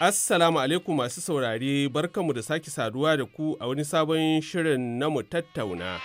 Assalamu alaikum masu saurare barkanmu da sake saduwa da ku a wani sabon shirin na mu tattauna.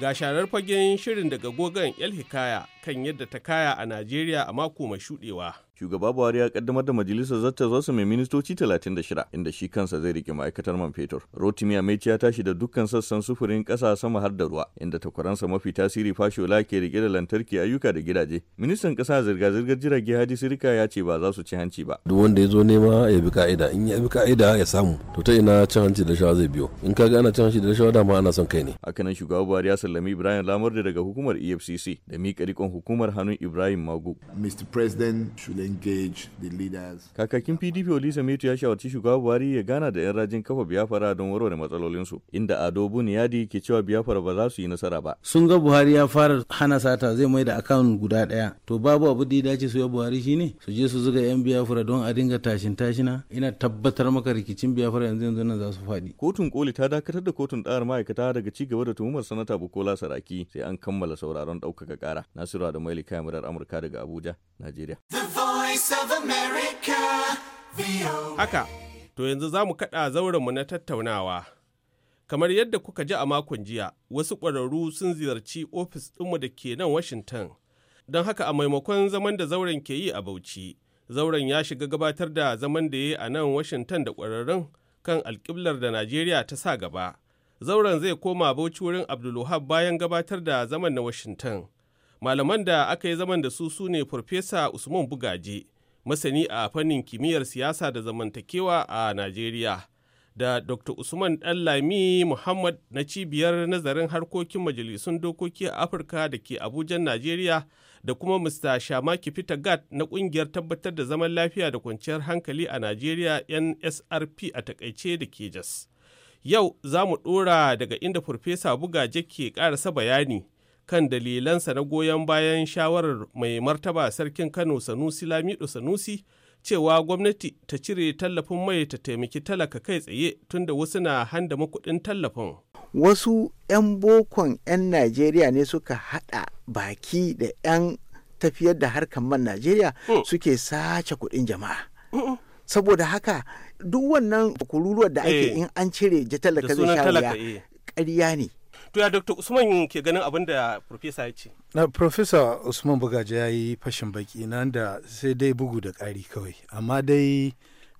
Ga sharar fagen shirin daga gogon El Hikaya kan yadda ta kaya a Najeriya a mako mai shuɗewa. shugaba buhari ya kaddamar da majalisar zata zasu mai ministoci 36 inda shi kansa zai rike ma'aikatar man fetur rotimi ameci ya tashi da dukkan sassan sufurin kasa sama har da ruwa inda takwaransa mafi tasiri fashola ke rike da lantarki ayyuka da gidaje ministan kasa zirga-zirgar jirage hadi sirika ya ce ba za su ci hanci ba duk wanda ya zo nema ya bi ka'ida in ya bi ka'ida ya samu to ta ina cin hanci da rashawa zai biyo in kaga ana cin hanci da rashawa dama ana son kai ne hakanan shugaba buhari ya sallami ibrahim lamurde daga hukumar efcc da miƙa rikon hukumar hannun ibrahim magu mr president engage the leaders. Kakakin PDP Metu ya shawarci shugaba Buhari ya gana da 'yan rajin kafa biyafara don warware matsalolinsu, inda Ado Buniyadi ke cewa biyafara ba za su yi nasara ba. Sun ga Buhari ya fara hana sata zai mai da akawun guda ɗaya. To babu abu da ya dace su ya Buhari shi ne su je su zuga 'yan biyafara don a dinga tashin tashina ina tabbatar maka rikicin biyafara yanzu yanzu nan za su faɗi. Kotun koli ta dakatar da kotun ɗayar ma'aikata daga ci gaba da tuhumar sanata Bukola Saraki sai an kammala sauraron ɗaukaka ƙara. Nasiru da Maili kayan Amurka daga Abuja, Najeriya. Haka, to yanzu za mu kaɗa zaurenmu na tattaunawa. Kamar yadda kuka ji a makon jiya, wasu ƙwararru sun ziyarci ofis ɗinmu da ke nan Washington. Don haka a maimakon zaman da zauren ke yi a Bauchi, zauren ya shiga gabatar da zaman da ya yi a nan Washington da ƙwararrun kan alƙiblar da Najeriya ta sa gaba. Zauren zai koma Bauchi wurin Abdulwahab bayan gabatar da zaman na Washington. malaman da aka yi zaman da su su ne farfesa usman bugaje masani a fannin kimiyyar siyasa da zamantakewa a najeriya da dr usman ɗanlami muhammad na cibiyar nazarin harkokin majalisun dokoki a afirka da ke abuja najeriya da kuma mr shamaki peter gat na ƙungiyar tabbatar da zaman lafiya da kwanciyar hankali a najeriya nsrp a takaice da ke jas yau za mu ɗora daga inda farfesa bugaje ke ƙarasa bayani kan dalilansa na goyon bayan shawarar mai martaba sarkin Kano Sanusi Lamido Sanusi cewa gwamnati ta cire tallafin mai ta taimaki talaka kai tsaye tunda wasu na handa makuɗin tallafin. Wasu 'yan bokon 'yan Najeriya ne suka haɗa baki da 'yan tafiyar da harkar man Najeriya mm. suke sace kuɗin jama'a. Saboda haka duk wannan kururuwar da ake eh. in an cire talaka zai sha eh. ƙarya ne. to ya dr usman ke ganin abin da profesa ya ce na profesa usman bugaje ya yi fashin baki na da sai dai bugu da ƙari kawai amma dai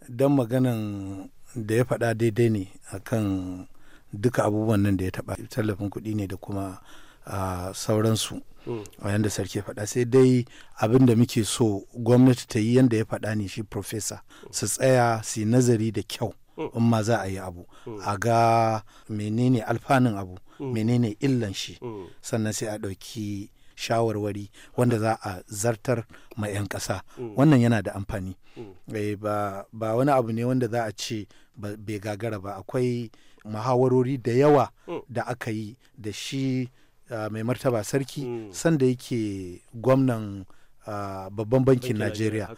don maganan da ya faɗa daidai ne kan duka abubuwan nan da ya taɓa tallafin kuɗi ne da kuma sauransu hmm. a yadda sarki faɗa sai dai abin da muke so gwamnati ta yi yadda ya faɗa ne shi profesa su tsaya su yi nazari da kyau in ma za a yi abu a ga menene alfanun abu menene illan shi sannan sai a ɗauki shawarwari wanda za a zartar ma 'yan ƙasa wannan yana da amfani eh, ba wani abu ne wanda za a ce bai gagara ba akwai muhawarori da yawa da aka yi da shi mai martaba sarki sanda yake gwamnan babban bankin najeriya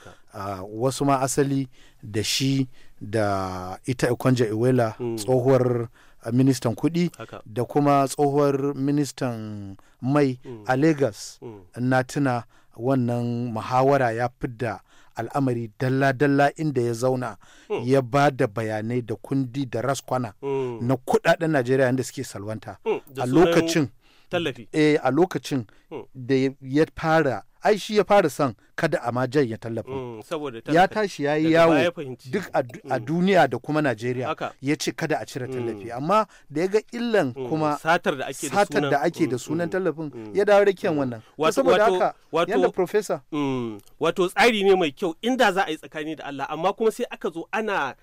wasu ma asali da shi da ita Ikonja Iwela mm. tsohuwar uh, ministan kudi da kuma tsohuwar ministan mai mm. a Lagos mm. na tuna wannan muhawara ya fidda al'amari dalla-dalla inda ya zauna ya ba da bayanai da kundi da raskwana na kudaden najeriya yanda suke salwanta a lokacin tallafi eh a lokacin oh. da ya fara ai shi ya fara son kada a majan ya tallafa oh, ya tashi ya yi yawo duk a mm. duniya da kuma najeriya ya ce kada a cire mm. tallafi amma da ya ga illan mm, kuma satar da ake da sunan tallafin ya dawo rakiyan wannan saboda haka yadda profesa wato tsari ne mai kyau inda za a yi tsakani da allah amma kuma sai aka zo ana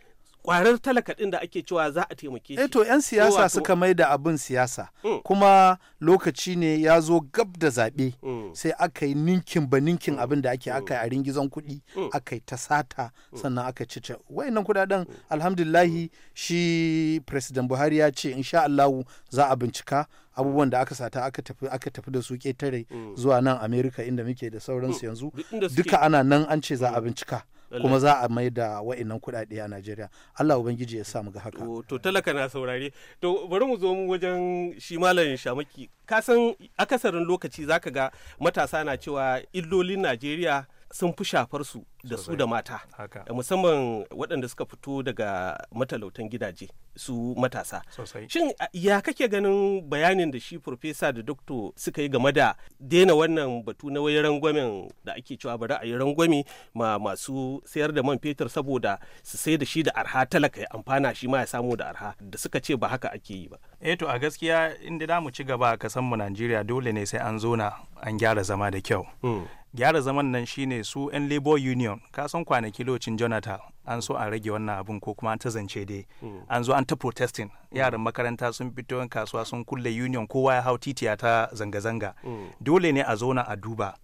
kwarar talaka ɗin da ake cewa za a taimake shi. Eh to 'yan siyasa suka mai da abin siyasa mm. kuma lokaci ne ya zo gab da zaɓe mm. sai aka yi ninkin ba ninkin abin da ake mm. aka yi a ringizon kuɗi aka yi ta sata sannan aka cice wayannan kuɗaɗen alhamdulahi shi president buhari ya ce in sha allahu za a bincika abubuwan da aka sata aka tafi aka tafi da su ketare zuwa nan america inda muke da sauransu yanzu duka ana nan an ce za a bincika kuma za a mai da wa'annan kuɗaɗe a Najeriya Allah ubangiji ya sa mu ga haka to talaka na saurare to bari mu zo mu wajen shi malamin Shamaki ka san akasarin lokaci zaka ga matasa na cewa illolin Najeriya sun fi shafar su da su da mata eh, musamman waɗanda suka fito daga matalautan gidaje su matasa shin ya kake ganin bayanin da shi profesa da doktor suka yi game da daina wannan batu na wayar rangwamen da ake cewa bari a yi rangwame ma masu sayar da man fetur saboda su sai da shi da arha talaka ya amfana shi ma ya samu da arha da suka ce ba haka ake yi ba eh to a gaskiya inda da mu ci gaba a kasan mu Najeriya dole ne sai an zo na an gyara zama da kyau hmm. gyara zaman nan shine su 'yan labor union kasan kwanaki lokacin jonathan an so an rage wannan abun ko kuma an ta zance dai mm. an zo an ta protesting yaran mm. makaranta sun fito yan kasuwa sun kulle union kowa ya hau titiya ta zanga-zanga mm. dole ne a zauna a duba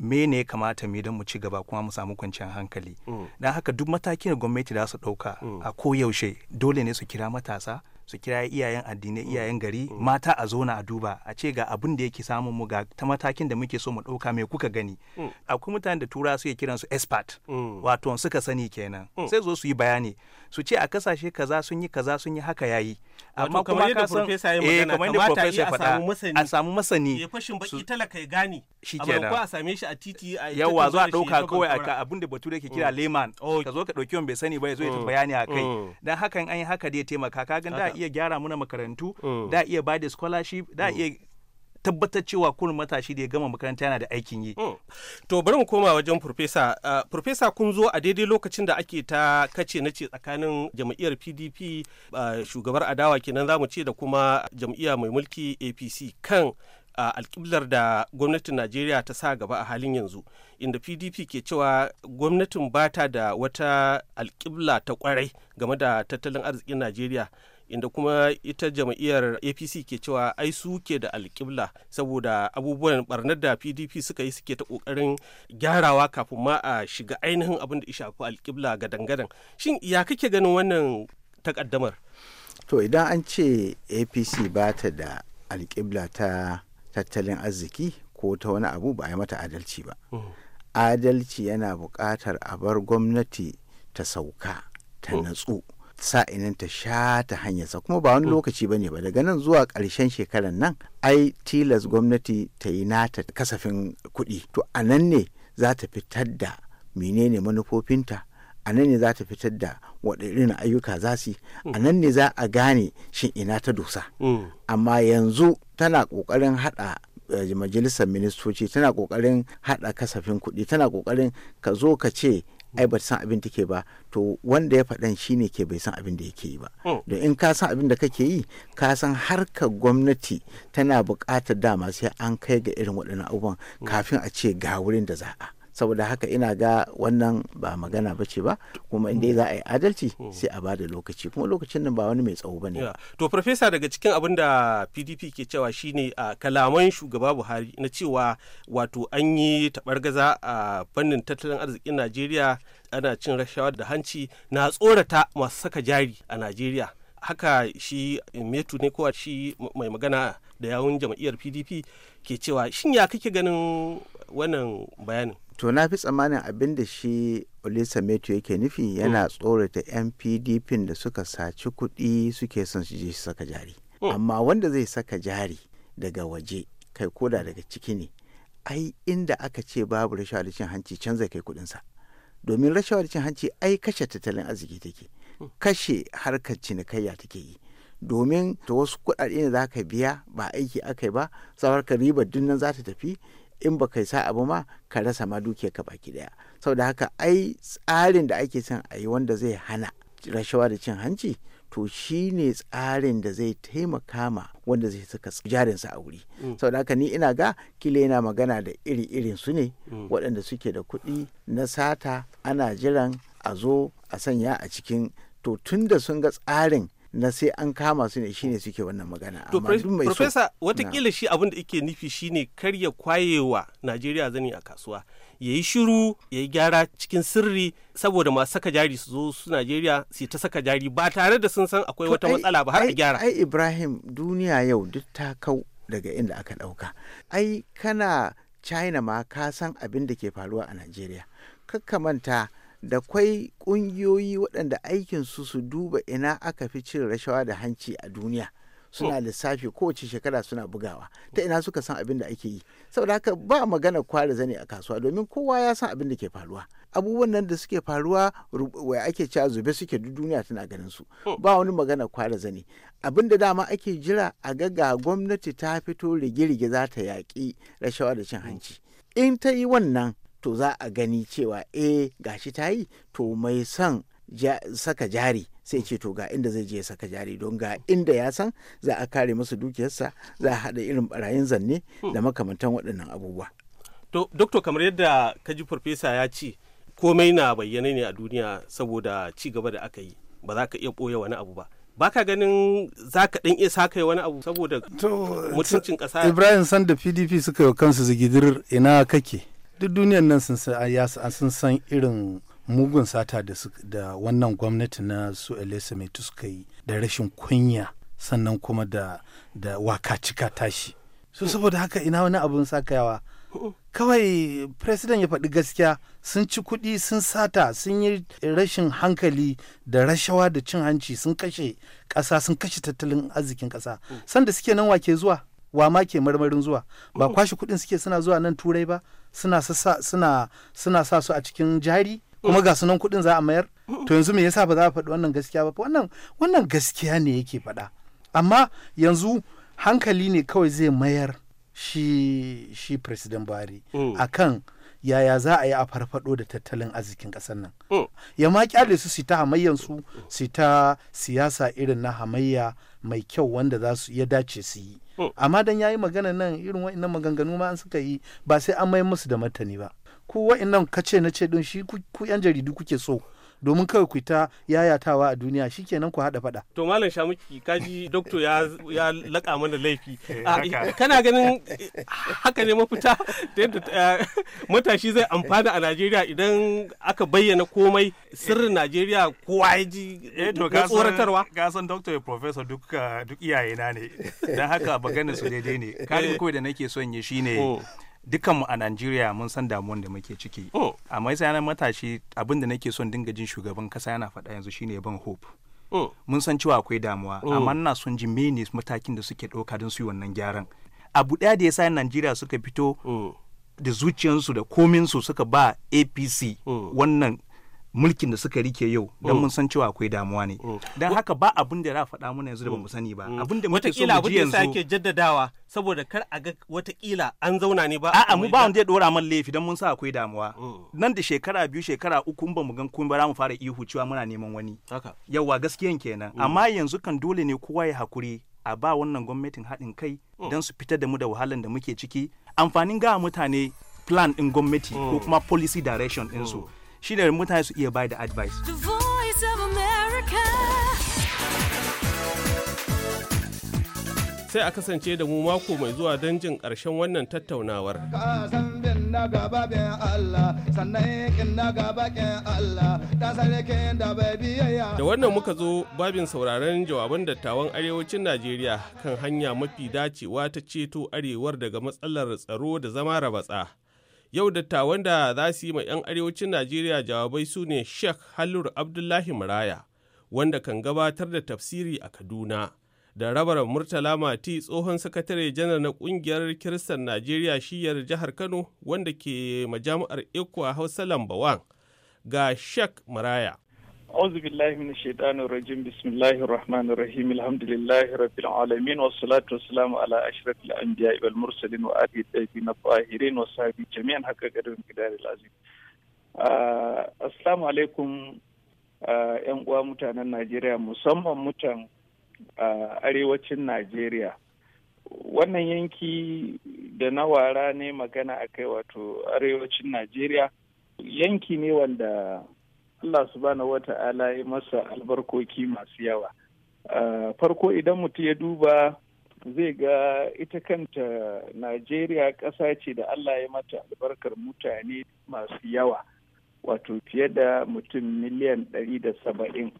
me ne kamata mu don mu ci gaba kuma mu samu kwanciyar hankali don haka duk matakin da gwamnati da su dauka a koyaushe dole ne su kira matasa su kira iyayen addinai mm. iyayen gari mm. mata a zona a duba a ce ga abin da yake samun mu ga ta matakin da muke so mu ɗauka mai kuka gani mm. akwai mutane da tura suke kiran su expert wato suka sani kenan sai zo su yi bayani su ce a kasashe kaza sun yi kaza sun yi haka yayi amma kuma ka san eh kamar yadda professor ya faɗa a samu masani ya fashin baki talaka ya gane shi kenan ko a same shi a titi a yawa zo a dauka kawai a abin da bature ke kira oh. layman oh. ka zo ka dauki wanda bai sani ba ya zo ya oh. bayani a kai dan hakan an yi haka dai taimaka ka ga da iya gyara muna makarantu da iya ba da scholarship da iya tabbatar cewa kun matashi da ya gama makaranta yana da aikin yi. Hmm. To bari mu koma wajen Profesa. Uh, Profesa kun zo a daidai lokacin da ake ta kace na ce tsakanin jam'iyyar PDP uh, shugabar adawa kenan mu ce da kuma jam'iyya mai mulki APC kan a uh, alkiblar da gwamnatin najeriya ta sa gaba a halin yanzu inda pdp ke cewa gwamnatin bata da wata alkibla ta kwarai game da tattalin arzikin najeriya inda kuma ita jam'iyyar apc ke cewa ai su ke da alƙibla saboda abubuwan barnar da pdp suka yi suke ta ƙoƙarin gyarawa kafin ma a shiga ainihin abin da ya shafi alƙibla ga dangadan shin ya kake ganin wannan takaddamar to idan an ce apc ba ta da alƙibla ta tattalin arziki ko ta wani abu ba a yi mata adalci ba mm. adalci yana buƙatar a bar gwamnati ta sauka ta mm. natsu sa sa'inan ta sha ta hanyarsa kuma ba wani hmm. lokaci ba ne ba daga nan zuwa ƙarshen shekarar nan ai tilas gwamnati ta yi nata kasafin kuɗi to a nan ne za ta fitar da menene manufofinta a nan ne za ta fitar da waɗannan ayyuka za su a hmm. nan ne za a gane shin ina ta dosa hmm. amma yanzu tana ƙoƙarin haɗa eh, majalisar ministoci tana ƙoƙarin haɗa kasafin kuɗi tana ƙoƙarin ka zo ka ce ai ba san abin take ba to wanda ya faɗan shine ke bai san abin da yake yi ba hmm. don in ka san abin da kake yi ka san harkar gwamnati tana buƙatar dama sai an kai ga irin waɗannan abubuwan hmm. kafin a ce ga wurin da za a saboda haka ina ga wannan ba magana ba ce ba kuma inda za a yi adalci sai a bada lokaci kuma lokacin nan ba wani mai tsawo ba ne to farfesa daga cikin abin da pdp ke cewa shine a kalaman shugaba buhari na cewa wato an yi taɓargaza a fannin tattalin arzikin najeriya ana cin rashawa da hanci na tsorata masu saka jari a najeriya haka shi metu ne kowa shi mai magana da yawun jam'iyyar pdp ke cewa shin ya kake ganin wannan bayanin to na fi tsammanin abin da shi olisa metu yake nufi yana mm. tsorata yan pdp da suka saci kuɗi suke son su je saka jari mm. amma wanda zai saka jari daga waje kai koda daga ciki ne ai inda aka ce babu rashawa da cin hanci can zai kai kuɗinsa domin rashawa da cin hanci ai kashe tattalin arziki take mm. kashe harkar cinikayya take yi domin ta wasu kuɗaɗe ne za ka biya ba aiki aka yi ba sabar ka ribar dinnan za ta tafi in ba kai sa abu ma ka rasa ma dukiyar ka baki daya saboda haka ai tsarin da ake son a yi wanda zai hana rashawa da cin hanci to shi ne tsarin da zai taimaka ma wanda zai saka jarinsa a wuri mm. saboda haka ni ina ga kila yana magana da iri-irin su ne mm. waɗanda suke da kuɗi na sata ana jiran a zo a sanya a cikin to tun da sun ga tsarin na sai an kama su ne shine suke wannan magana to professor watakila shi abin da yake nufi shine kar ya kwayewa Najeriya zani a kasuwa ya yi shiru ya yi gyara cikin sirri saboda masu saka jari su zo su Najeriya su ta saka jari ba tare da sun san akwai wata matsala ba har a gyara ai Ibrahim duniya yau duk ta kau daga inda aka dauka ai kana China ma ka san abin da ke faruwa a Najeriya kakkamanta manta da kwai ƙungiyoyi waɗanda aikinsu su duba ina aka fi cin rashawa da hanci a duniya suna oh. lissafi kowace shekara suna bugawa ta ina suka san abin da ake yi saboda haka ba magana kwara zane a kasuwa domin kowa ya san abin da ke faruwa abubuwan nan da suke faruwa wai ake cewa zube suke duk duniya tana ganin su oh. ba wani magana kwara- zane abin da dama ake jira a ga ga gwamnati ta fito rige-rige za ta yaƙi rashawa da cin oh. hanci in ta yi wannan to za a gani cewa ga eh, gashi ta yi to mai son saka jari sai ce to ga inda zai je saka jari don ga inda ya san za a kare masa dukiyarsa za a haɗa irin barayin zanne hmm. da makamantan waɗannan abubuwa. To, Doktor kamar yadda kaji farfesa ya ce komai na bayyana ne a duniya saboda ci gaba da aka yi ba za ka iya ɓoye wani abu ba. ba ka ganin za ka ɗan iya sakai wani abu saboda mutuncin ƙasa ibrahim sanda pdp suka yi kansu zigidir ina kake duk duniyan nan sun san irin mugun sata da wannan gwamnati na su elisa mai suka yi da rashin kunya sannan kuma da da waka cika tashi su saboda haka ina wani abun sakayawa kawai president ya faɗi gaskiya sun ci kuɗi sun sata sun yi rashin hankali da rashawa da cin hanci sun kashe ƙasa sun kashe tattalin arzikin ƙasa sanda suke nan wake zuwa wa ma ke marmarin zuwa ba kwashe kuɗin suke suna zuwa nan turai ba suna suna suna sa su a cikin jari kuma ga sunan kuɗin za a mayar to yanzu me yasa ba za a faɗi wannan gaskiya ba wannan wannan gaskiya ne yake faɗa amma yanzu hankali ne kawai zai mayar shi shi president Buhari mm. akan yaya za a yi a farfado da tattalin arzikin kasar nan oh. ya ma kyale su su ta hamayyan su su ta siyasa irin na hamayya mai kyau wanda za su ya dace su yi oh. amma dan yayi magana nan irin wa'annan maganganu ma an suka yi ba sai an mai musu da martani ba ku wa'annan kace na ce din shi ku yan jaridu kuke so domin kawai ku ta yayatawa a duniya shi shikenan ku haɗa fada. To malam Shamuki kaji doktor ya ya laƙa mana laifi. Eh, ah, kana ganin haka ne mafita da yadda eh, matashi zai amfana a Najeriya idan aka bayyana komai sirrin Najeriya kowa ya ji eh, na tsoratarwa. Ga san doktor ya professor duk iyayena ne. Dan haka ganin su daidai ne. Kalin kawai da nake son ya shine oh. dukanmu a Najeriya mun san damuwan da muke ciki. Oh. A yana matashi abin da nake son dinga jin shugaban kasa yana faɗa yanzu shine ban hope. Oh. Mun san cewa akwai damuwa, oh. amma ina son ji mene matakin da suke ɗauka don su yi wannan gyaran. Abu ɗaya da yasa Najeriya suka fito da zuciyarsu da kominsu suka ba APC wannan mulkin da suka rike yau don mm. mun san cewa akwai damuwa ne mm. don haka ba abin da za faɗa muna yanzu da mu mm. sani ba abin da muke so mu ji yanzu sake jaddadawa saboda kar a ga wataƙila an zauna ne ba a'a mu ba wanda ya dora man laifi don mun sa akwai damuwa nan da shekara biyu shekara uku ba mu gan kun ba mu fara ihu cewa muna neman wani yawa gaskiyan kenan amma yanzu kan dole ne kowa ya hakuri a ba wannan gwamnatin haɗin kai don su fitar da mu da wahalan da muke ciki amfanin ga mutane plan ɗin gwamnati ko kuma policy direction ɗinsu Shi da mutane su iya da advice sai a kasance da mu mako mai zuwa don jin ƙarshen wannan tattaunawar. Da wannan muka zo babin sauraron jawaban dattawan arewacin Najeriya kan hanya mafi dacewa ta ceto arewar daga matsalar tsaro da zama rabatsa. Yau dattawan da za su yi ma 'yan arewacin Najeriya jawabai su ne Sheikh Halur Abdullahi Maraya, wanda kan gabatar da tafsiri a Kaduna, da rabar Murtala Mati tsohon sakatare janar na kungiyar Kiristan Najeriya shiyar jihar Kano wanda ke majami'ar Ikwa Hausa Lambawan ga Sheikh Maraya. أعوذ بالله من الشيطان الرجيم بسم الله الرحمن الرحيم الحمد لله رب العالمين والصلاة والسلام على أشرف الأنبياء والمرسلين وآله الطيبين الطاهرين وصحبه جميعا حق قدر الكدار العظيم السلام عليكم ‘yan uwa mutanen Najeriya musamman mutan arewacin Najeriya wannan yanki da na wara ne magana a kai wato arewacin Najeriya yanki ne wanda Allah su subhanahu ala ya masa albarkoki masu yawa farko idan mutum ya duba zai ga ita kanta najeriya ƙasa ce da allah ya mata albarkar mutane masu yawa wato fiye da mutum miliyan ɗari da saba'in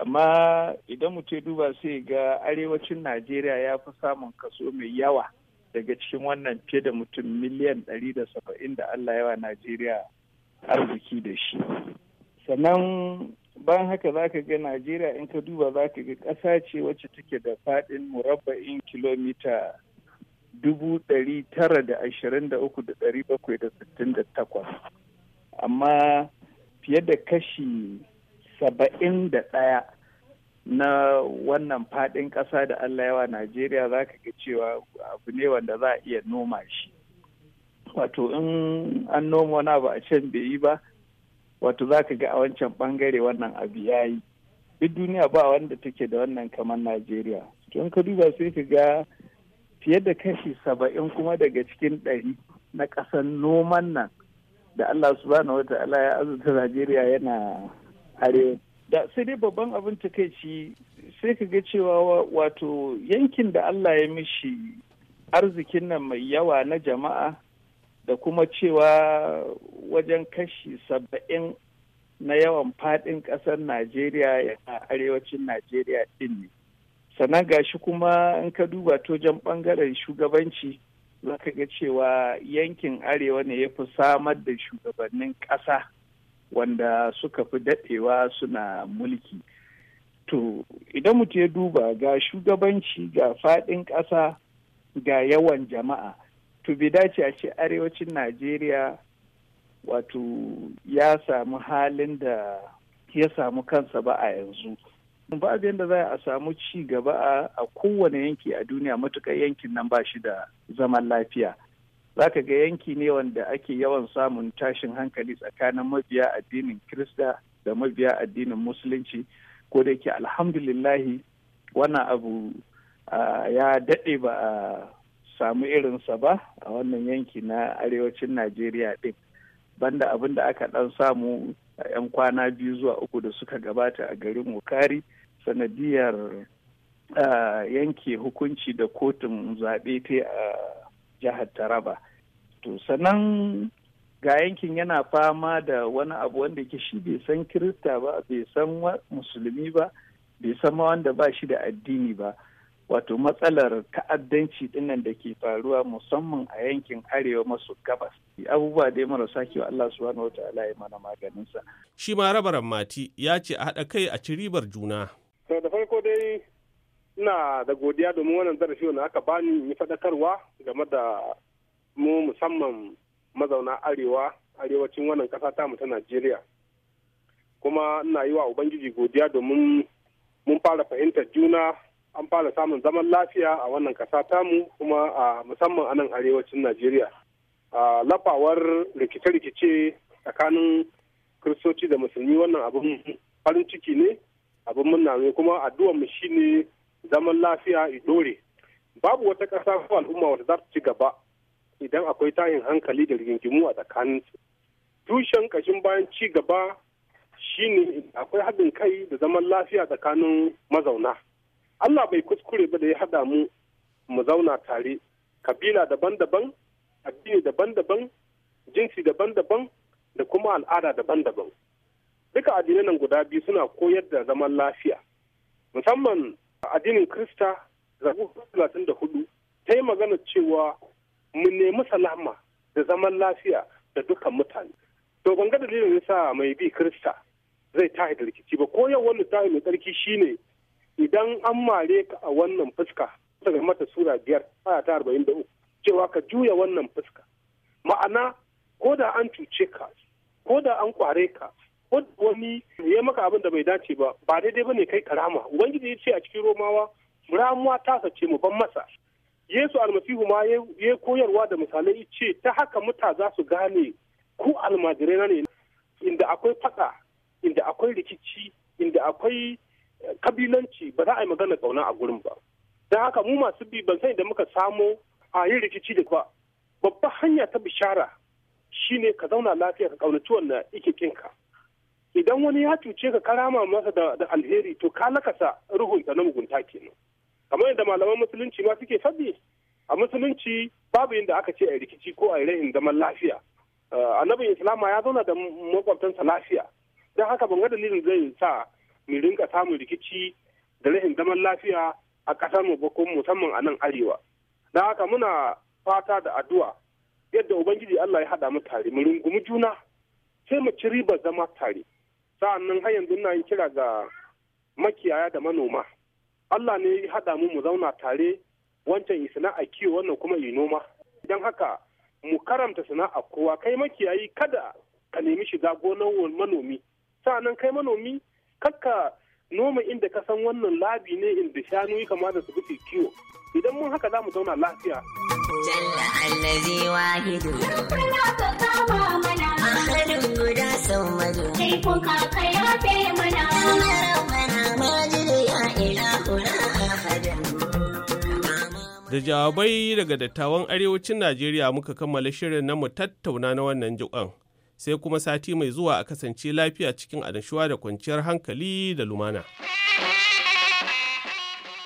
amma idan mutum ya duba sai ga arewacin najeriya ya fi samun kaso mai yawa daga cikin wannan fiye da mutum miliyan ɗari da saba'in da allah yawa najeriya arziki da shi sannan bayan haka za ka ga najeriya in ka duba za ka ga ƙasa ce wacce take da faɗin murabba'in kilomita dubu ɗari tara da ashirin da uku da ɗari bakwai da sittin da takwas amma fiye da kashi saba'in da ɗaya na wannan faɗin ƙasa da allah yawa najeriya za ka ga cewa abu ne wanda za a iya noma shi wato in an noma wani abu a can bai yi ba wato za ka ga a wancan bangare wannan abu ya yi duk duniya ba wanda take da wannan kamar najeriya don ka duba sai ka ga fiye da kashi saba'in kuma daga cikin ɗari na ƙasar noman nan da allah subhanahu wa ta'ala ya azurta najeriya yana are da sai dai babban abin takaici sai ka ga cewa wato yankin da allah ya mishi arzikin nan mai yawa na jama'a da kuma cewa wajen kashi saba'in na yawan faɗin ƙasar najeriya yana arewacin najeriya din ne sannan gashi kuma in ka duba tojan ɓangaren shugabanci za ka ga cewa yankin arewa ne ya fi samar da shugabannin ƙasa wanda suka fi daɗewa suna mulki to idan mutu ya duba ga shugabanci ga faɗin ƙasa ga yawan jama'a to bai dace a ce arewacin najeriya wato ya samu halin da ya samu kansa ba a yanzu ba abin da za a samu ci gaba a kowane yanki a duniya matukar yankin nan ba shi da zaman lafiya za ka ga yanki ne wanda ake yawan samun tashin hankali tsakanin mabiya addinin kirista da mabiya addinin musulunci ko da yake alhamdulillahi wannan abu ya daɗe ba a samu irinsa ba a wannan yanki na arewacin najeriya ɗin banda abin da aka ɗan samu a 'yan kwana biyu zuwa uku da suka gabata a garin wukari sanadiyar yanke hukunci da kotun zaɓe ta a jihar taraba to sannan ga yankin yana fama da wani abu wanda ke shi bai san kirista ba bai san musulmi ba bai san wanda ba shi da addini ba wato matsalar ta'addanci dinnan da ke faruwa musamman a yankin arewa maso gabas abubuwa dai marasa kyau Allah su wani wata ya mana maganinsa shi ma rabaran mati ya ce a haɗa kai a ci ribar juna da farko dai ina da godiya domin wannan zarafi wanda aka bani yi faɗakarwa game da mu musamman mazauna arewa arewacin wannan ƙasa mu ta Najeriya kuma ina yi wa ubangiji godiya domin mun fara fahimtar juna an fara samun zaman lafiya a wannan kasa tamu kuma a musamman a nan arewacin najeriya lafawar rikice-rikice tsakanin kiristoci da musulmi wannan abin farin ciki ne abin murna ne kuma addu'ar mu shine zaman lafiya i dore babu wata ƙasa ko al'umma wata za ta ci gaba idan akwai tayin hankali da rigingimu a tsakanin su tushen ƙashin bayan ci gaba shine akwai haɗin kai da zaman lafiya tsakanin mazauna Allah bai kuskure ba da ya haɗa mu mu zauna tare kabila daban-daban addini daban-daban jinsi daban-daban da kuma al'ada daban-daban duka addinai nan guda biyu suna koyar da zaman lafiya musamman addinin krista zabu da hudu ta yi magana cewa mu nemi salama da zaman lafiya da dukkan mutane to ban ga dalilin yasa mai bi krista zai tahi da rikici ba wani tahi mai tsarki shine idan an mare ka a wannan fuska daga mata sura biyar aya ta arba'in da uku cewa ka juya wannan fuska ma'ana ko da an cuce ka ko da an kware ka ko wani ya maka abin da bai dace ba ba daidai ba ne kai karama ubangiji ya ce a cikin romawa ramuwa ta sace mu ban masa yesu almasihu ma ya koyarwa da misalai ya ce ta haka muta za su gane ku almajirai na ne inda akwai faɗa inda akwai rikici inda akwai kabilanci ba za a yi magana kauna a gurin ba don haka mu masu bi ban sani da muka samo a yin rikici da ba babban hanya ta bishara shine ka zauna lafiya ka kaunaci wannan ikikin kinka idan wani ya cuce ka karama masa da alheri to ka lakasa ruhunta na mugunta kenan kamar yadda malaman musulunci ma suke faɗi a musulunci babu yadda aka ce a rikici ko a rahin zaman lafiya eh, annabin islama ya zauna da makwabtansa lafiya don haka ban ga dalilin zai sa mu rinka samun rikici da rashin zaman lafiya a ƙasar mu ko musamman a nan arewa don haka muna fata da addu'a yadda ubangiji Allah ya hada mu tare mu rungumi juna sai mu ci riba zama tare sa'annan har yanzu ina yin kira ga makiyaya da manoma Allah ne ya haɗa mu mu zauna tare wancan yi sana'a kiwo wannan kuma yi noma don haka mu karanta sana'a kowa kai makiyayi kada ka nemi shiga gonar manomi sa'annan kai manomi kakka noma inda ka san wannan labi ne inda shanu ya kamata su fi kiwo idan mun haka za mu zauna lafiya. Jalla allazi wahidu. Kuna ka kama mana. Ahadun guda sau madu. Kai ko ka kayafe mana. Mana majidu ya ilahuna ahadun. Da jawabai daga dattawan arewacin Najeriya muka kammala shirin na mu tattauna na wannan jiƙon. sai kuma sati mai zuwa a kasance lafiya cikin annashuwa da kwanciyar hankali da lumana.